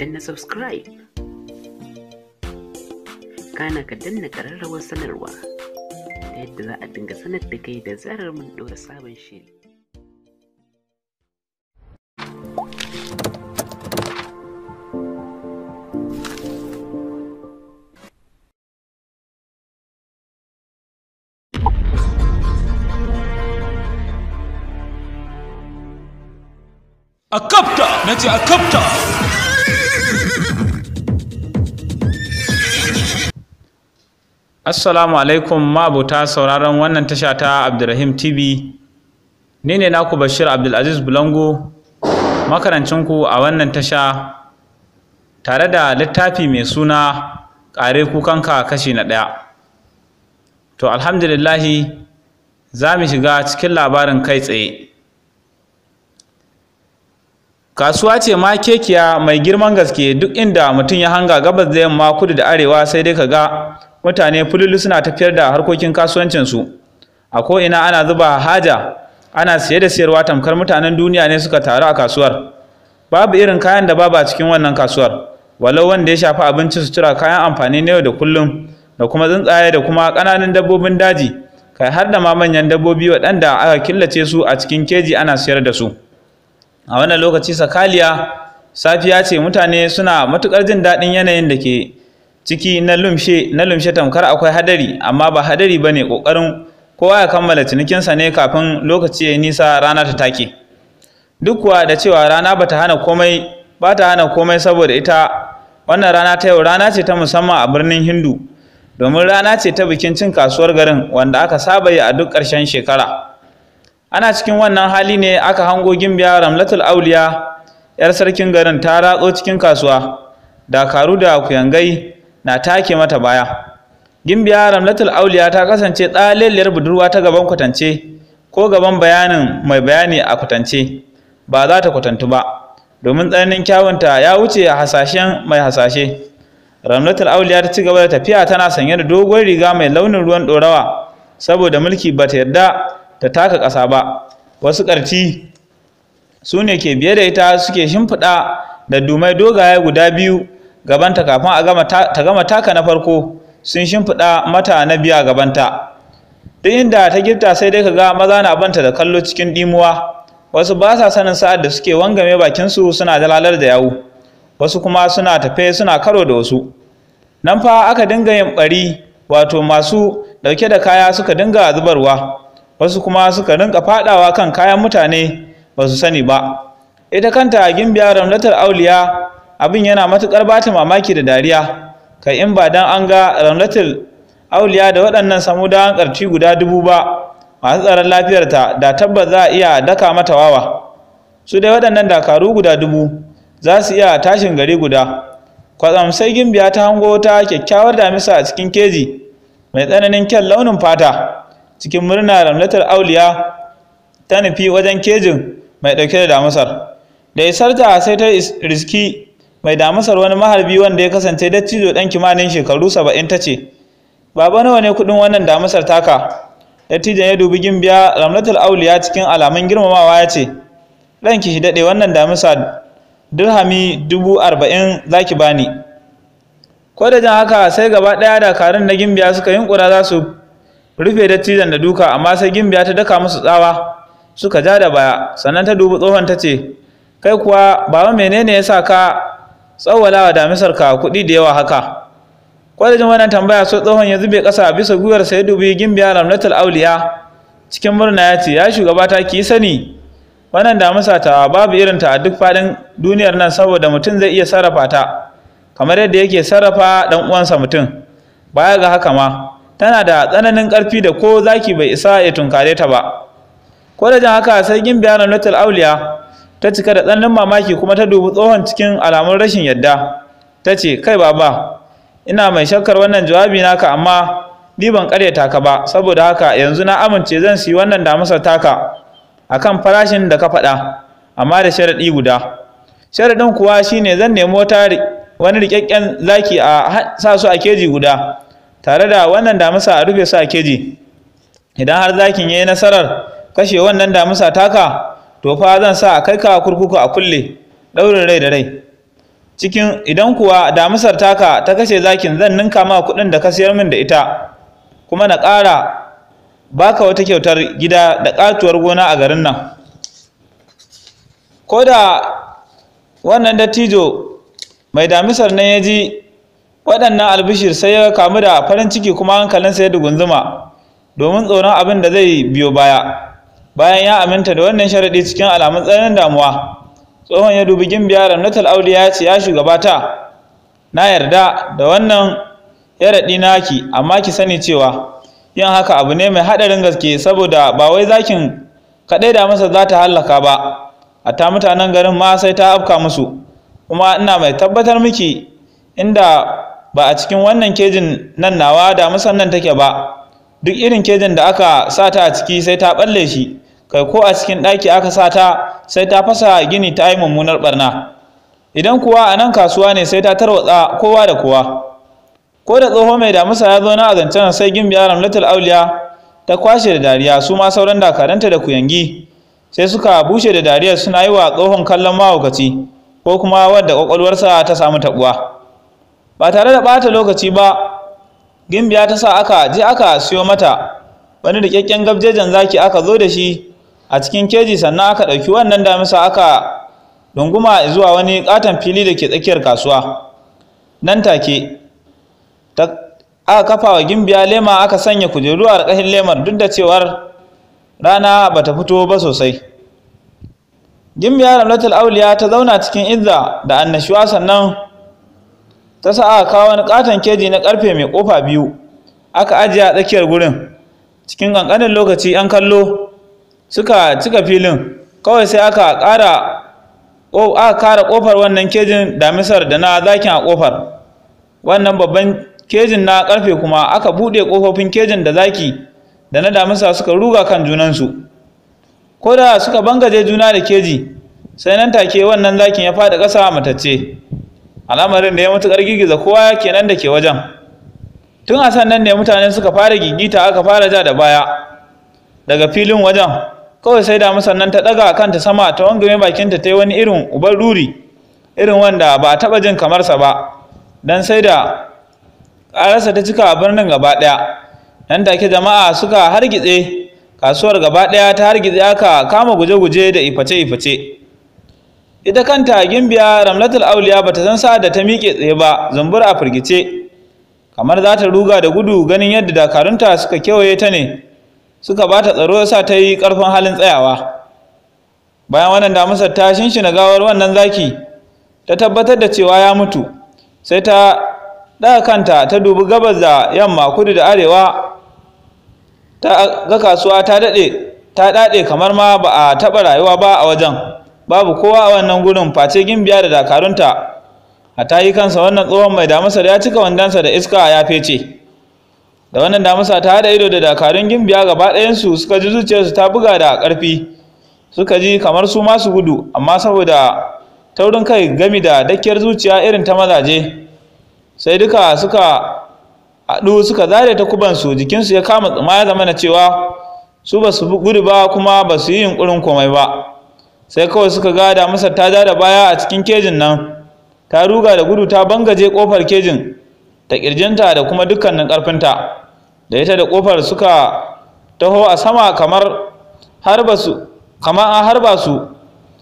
danna subscribe kana ka danna ƙararrawar sanarwa ta yadda za a dinga sanar da kai da zarar mun ɗora sabon shiri a kapta na a kapta Assalamu alaikum mabuta sauraron wannan tasha ta Abdulrahim TV. Ni ne naku Bashir Abdulaziz Bulangu, makarancinku a wannan tasha tare da littafi mai suna ƙare kukanka kashi na ɗaya. To alhamdulillahi za mu shiga cikin labarin kai tsaye. Kasuwa ce ma kekiya mai girman gaske duk inda mutum ya hanga gabas da yamma kudu da arewa sai dai ka ga mutane fululu suna tafiyar da harkokin kasuwancinsu a ko'ina ana zuba haja ana siye da siyarwa tamkar mutanen duniya ne suka taru a kasuwar babu irin kayan da babu a cikin wannan kasuwar walau wanda ya shafi abinci sutura kayan amfani na yau da kullum da kuma tsuntsaye da kuma ƙananan dabbobin daji kai har da ma manyan dabbobi waɗanda aka killace su a cikin keji ana siyar da su a wannan lokaci sakaliya safiya ce mutane suna matuƙar jin daɗin yanayin da ke ciki na lumshe na lumshe tamkar akwai hadari amma ba hadari bane kokarin kowa ya kammala cinikinsa ne kafin lokaci ya nisa rana ta take duk kuwa da cewa rana bata hana komai bata hana komai saboda ita wannan rana ta yau rana ce ta musamman a birnin Hindu domin rana ce ta bikin cin kasuwar garin wanda aka saba yi a duk ƙarshen shekara ana cikin wannan hali ne aka hango gimbiya Ramlatul Auliya yar sarkin garin ta ratso cikin kasuwa dakaru da kuyangai na take mata baya gimbiya ramlatul auliya ta kasance tsaleliyar budurwa ta gaban kwatance ko gaban bayanin mai bayani a kwatance ba za ta kwatantu ba domin tsananin kyawunta ya wuce a hasashen mai hasashe ramlatul auliya ta ci gaba da tafiya tana sanye da dogon riga mai launin ruwan ɗorawa saboda mulki ba ta yarda ta taka ƙasa ba wasu ƙarti su ne ke biye da ita suke shimfiɗa da dumai dogaye guda biyu gabanta kafin a gama ta gama taka na farko sun shimfiɗa mata na biya gabanta duk inda ta girta sai dai kaga maza na banta da kallo cikin dimuwa wasu ba sa sanin sa'ad da suke wangame bakin su suna dalalar da yawu wasu kuma suna tafe suna karo da wasu nan fa aka dinga yin ɓari, wato masu ɗauke da kaya suka dinga zubarwa wasu kuma suka rinka fadawa kan kayan mutane ba su sani ba ita kanta gimbiya ramlatar auliya abin yana matuƙar bata mamaki da dariya kai in ba dan an ga ramlatul auliya da waɗannan samu an ƙarci guda dubu ba masu tsaron lafiyarta da tabbas za a iya daka mata wawa su dai waɗannan dakaru guda dubu za su iya tashin gari guda kwatsam sai gimbiya ta hango ta kyakkyawar damisa a cikin keji mai tsananin kyan launin fata cikin murna ramlatar auliya ta nufi wajen kejin mai ɗauke da damisar da isarta sai ta riski mai damisar wani maharbi wanda ya kasance dattijo ɗan kimanin shekaru saba'in ta ce baba nawa ne kuɗin wannan damisar taka dattijan ya dubi gimbiya ramlatul auliya cikin alamun girmamawa ya ce ki shi daɗe wannan damisa dirhami dubu arba'in za ki bani ko da jan haka sai gaba ɗaya da dakarun na gimbiya suka yin ƙura za su rufe dattijon da duka amma sai gimbiya ta daka musu tsawa suka ja da baya sannan ta dubi tsohon ta ce kai kuwa baba menene ya sa ka tsawalawa damisar ka kuɗi da yawa haka kwalejin wannan tambaya so tsohon ya zube ƙasa bisa gwiwar sai dubi gimbiya ramlatul auliya cikin murna ya ce ya shugaba ta ki sani wannan damisa ta babu irin ta a duk faɗin duniyar nan saboda mutum zai iya sarrafa ta kamar yadda yake sarrafa ɗan uwansa mutum baya ga haka ma tana da tsananin ƙarfi da ko zaki bai isa ya tunkare ta ba kwalejin haka sai gimbiya ramlatul auliya ta cika da tsananin mamaki kuma ta dubi tsohon cikin alamun rashin yadda ta ce kai baba ina mai shakkar wannan jawabi naka amma ni ban karyata ka ba saboda haka yanzu na amince zan siyi wannan damusar taka akan farashin da ka faɗa amma da sharaɗi guda sharaɗin kuwa shine zan nemi wata wani rikakken zaki a sa su a keji guda tare da wannan damusa a rufe su a keji idan har zakin ya yi nasarar kashe wannan damusa taka to fa zan sa kai ka kurkuku a kulle daurin rai da rai cikin idan kuwa damisar taka ta kashe zakin zan ninka ma kudin da ka sayar min da ita kuma na ƙara baka wata kyautar gida da katuwar gona a garin nan ko da wannan dattijo mai damisar nan ya ji waɗannan albishir sai ya kamu da farin ciki kuma hankalinsa ya dugunzuma domin tsoron abin da zai biyo baya bayan ya aminta da wannan sharadi cikin alamun tsananin damuwa tsohon ya dubi gimbiya ramnatul auliya ya ce ya shugabata na yarda da wannan yaradi naki amma ki sani cewa yin haka abu ne mai hadarin gaske saboda ba wai zakin kaɗai da masa za ta hallaka ba a ta mutanen garin ma sai ta afka musu kuma ina mai tabbatar miki inda ba a cikin wannan kejin nan nawa da musan nan take ba duk irin kejin da aka sa ta a ciki sai ta balle shi kai ko a cikin ɗaki aka sa ta sai ta fasa gini ta yi mummunar ɓarna idan kuwa a nan kasuwa ne sai ta tarwatsa kowa da kowa ko da tsoho mai damusa ya zo na a zancen sai gimbiya ramlatul auliya ta kwashe da dariya su ma sauran dakaranta da kuyangi sai suka bushe da dariyar suna yi wa tsohon kallon mahaukaci ko kuma wadda kwakwalwarsa ta samu taɓuwa ba tare da ɓata lokaci ba gimbiya ta sa aka je aka siyo mata wani da gabjejen zaki aka zo da shi a cikin keji sannan aka ɗauki wannan damisa aka dunguma zuwa wani ƙaton fili da ke tsakiyar kasuwa nan take aka kafa wa gimbiya lema aka sanya kujeru a ƙahin lemar duk da cewar rana ba ta fito ba sosai gimbiya ramlatul auliya ta zauna cikin izza da annashuwa sannan ta sa aka kawo wani ƙaton keji na ƙarfe mai ƙofa biyu aka ajiye a tsakiyar gurin cikin ƙanƙanin lokaci 'yan kallo suka cika filin kawai sai aka ƙara a kara kofar wannan kejin damisar da na zakin a kofar wannan babban kejin na karfe kuma aka buɗe kofofin kejin da zaki da na damisa suka ruga kan junansu ko da suka bangaje juna da keji sai nan take wannan zakin ya faɗi ƙasa matacce al'amarin da ya matuƙar girgiza kowa kenan da ke wajen tun a sannan ne mutane suka fara gigita aka fara ja da baya daga filin wajen kawai sai da musannan ta daga kanta sama ta wangame bakin ta yi wani irin uban ruri irin wanda ba a taba jin sa ba don sai da kararsa ta cika a birnin gaba ɗaya nan take jama'a suka hargitse kasuwar gaba daya ta hargitse aka kama guje-guje da iface-iface ita kanta gimbiya ramlatul auliya bata san sa da ta miƙe tsaye ba zumbura a firgice kamar za ta ruga da gudu ganin yadda dakarunta suka kewaye ta ne suka ba ta tsaro sa ta yi ƙarfin halin tsayawa bayan wannan damusar ta shinshina gawar wannan zaki ta tabbatar da cewa ya mutu sai ta ɗaga kanta ta dubi gabas da yamma kudu da arewa ta ga kasuwa ta daɗe ta daɗe kamar ma ba a taɓa rayuwa ba a wajen babu kowa a wannan gurin face gimbiya da dakarunta a ta yi kansa wannan tsohon mai damusar ya cika wandansa da iska ya fece da wannan damusa ta hada ido da dakarun gimbiya gaba ɗayansu suka ji zuciyarsu ta buga da ƙarfi suka ji kamar su masu gudu amma saboda taurin kai gami da dakkiyar zuciya irin ta mazaje sai duka suka haɗu suka zare ta kubansu jikinsu ya kama tsuma ya zama na cewa su ba su gudu ba kuma ba su yi yunƙurin komai ba sai kawai suka ga damusa ta ja da baya a cikin kejin nan ta ruga da gudu ta bangaje ƙofar kejin ta ƙirjinta da kuma dukkanin ƙarfinta da ita da kofar suka taho a sama kamar harba su kamar an harba su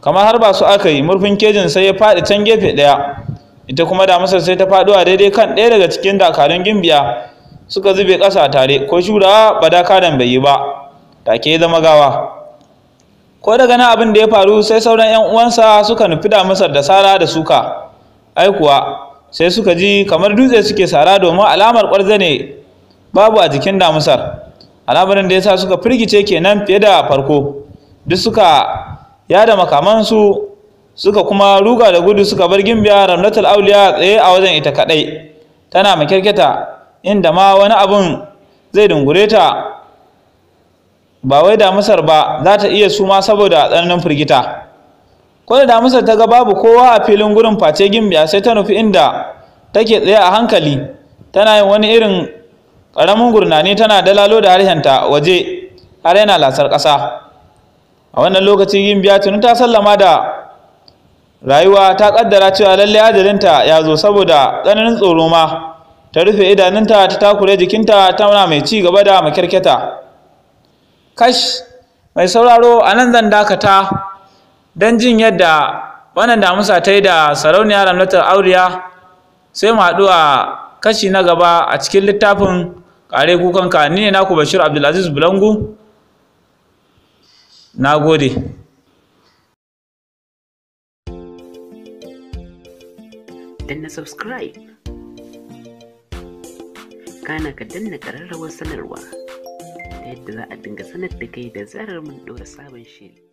kamar harba su aka yi murfin kejin sai ya faɗi can gefe ɗaya ita kuma da masar sai ta faɗo daidai kan ɗaya daga cikin dakarun gimbiya suka zube ƙasa tare ko shura ba dan bai yi ba take zama gawa ko daga nan abin da ya faru sai sauran 'yan uwansa suka nufi da masar da sara da suka ai kuwa sai suka ji kamar dutse suke sara domin alamar ƙwarza ne babu a jikin damusar al'amarin da ya sa suka firgice kenan fiye da farko duk suka yada makamansu suka kuma ruga da gudu suka bar gimbiya ramlatul auliya tsaye a wajen ita kadai tana makyarkyata inda ma wani abun zai dungure ta ba wai damusar ba za ta iya suma saboda tsananin firgita ko damusar ta ga babu kowa a filin gurin face gimbiya sai ta nufi inda take tsaye a hankali tana yin wani irin ƙaramin gurnani tana dalalo da harshenta waje har yana lasar ƙasa a wannan lokaci yin biya tuni ta sallama da rayuwa ta ƙaddara cewa lalle ajalinta ya zo saboda tsananin tsoro ma ta rufe idanunta ta takure jikinta tana mai ci gaba da makirketa kash mai sauraro a nan zan dakata don jin yadda wannan damusa ta yi da sarauniya ramlatar auriya sai mu haɗu a kashi na gaba a cikin littafin kare kukanka ni ne naku bashir abdulaziz bulangu na gode danna subscribe kana ka danna ƙararrawar sanarwa ta yadda za a dinga sanar da kai da zarar mun ɗora sabon shiri